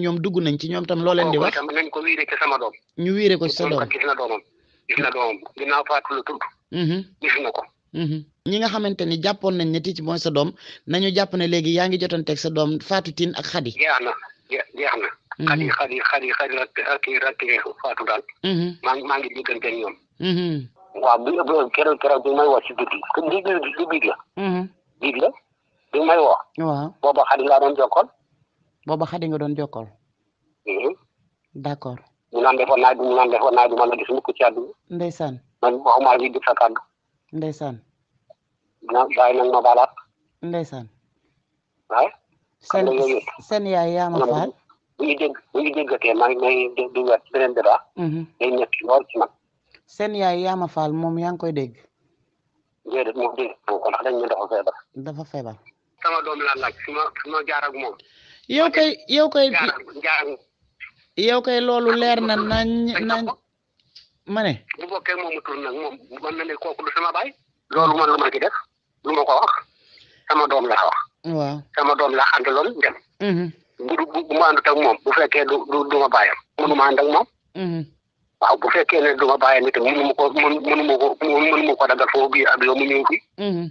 ñoom dugg nañ ci ñoom tam loo leen di wax nañ ko wiire ci sama doom ñu wiire ko ci sa doom gis na doomam gis na doomam ginnaaw faatu la tudd gis na ko ñi nga xamante ni jàppoon nañ ne Titi mooy sa doom nañu jàpp ne léegi yaa ngi jotoon teg sa doom Fatou Tine ak Khady jeex na jeex na Khady Khady Khady Khady rakk rakk rakk Fatou daal maa ngi maa ngi diggante ak ñoom waaw bi keroog keroog bi may wax ci guddi comme li biig la biig la bi may wax booba Khady laa doon jokkoon booba xadi nga doon jokkool. Mhm. d' accord. ñu naan defoon naa mhm. seen yaay yaa ma faal. moom yaa ngi koy dégg. dafa feebar. sama doom laa laaj fi ma moom. yow kay yow kay yow kay loolu leer na nañ nañ ma ne bu bokkee moom mu tur nag moom mën sama baay loolu man lu ma ci def lu ma ko wax sama doom la wax waaw sama la àndaloon dem mhm. bu du bu ma àndut moom bu fekkee du du du ma bàyyam mënu ma ànd ak mhm. waaw bu fekkee ne du ma bàyyam itam mënu ma ko mënu ma ko mënu mu ñëw fii mhm.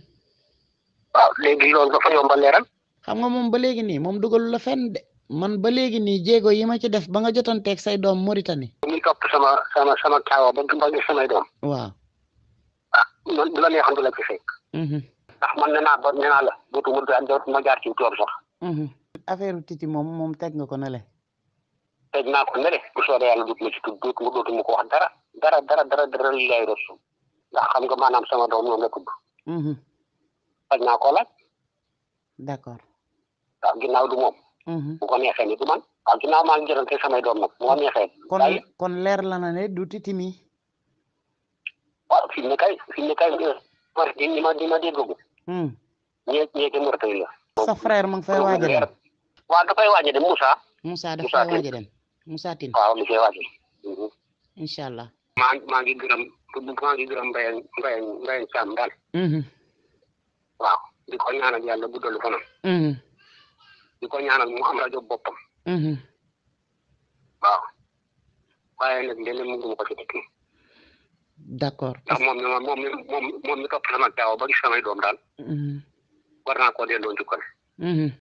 waaw léegi loolu dafa yomba leeral xam nga moom ba léegi nii moom dugalu la fenn de man ba léegi nii jéego yi ma ci def ba nga jotanteeg say doom Mauritanie. dañuy topp sama sama sama taawa ba ba gis doom. waaw. ah man la neexoon du la ci fekk. Mhm. ndax man nee naa ba nee naa la dootuma dootuma jaar tool sax. Mhm. affaire titi moom moom teg nga ko ne le. naa ko le bu soobee yàlla ci tudd dootuma ko wax dara dara dara dara dara li lay ndax xam nga maanaam sama doom a la tudd. faj mhm. naa ko laaj. d'accord. a ginnaaw du moom. Mhm. bu ko neexee ni du man a ginnaaw maa ngi jëlante samay doom nag bu ko neexee. kon leer la na ne du titi mi. waaw fi ma ma déggagu. Hmm. ñee la. sa frère ma ngi fay waaj a dem. dafay waaj a dem Moussa. dafay waaj a dem Moussa mhm. Tine allah. maa ngi gërëm maa ngi gërëm Mbaye Mbaye Mbaye Thiam daal. Mhm. waaw di ko ñaanal yàlla guddalu fanam. di ko ñaanal mu am rajo boppam. Mm-hmm. waaw waaye nag léeg-léeg mu ko ci dëkk d' moom moom moom mi topp sama gaaw ba gis samay doom daal. Mm-hmm. war naa koo delloo njukkal. Mm-hmm.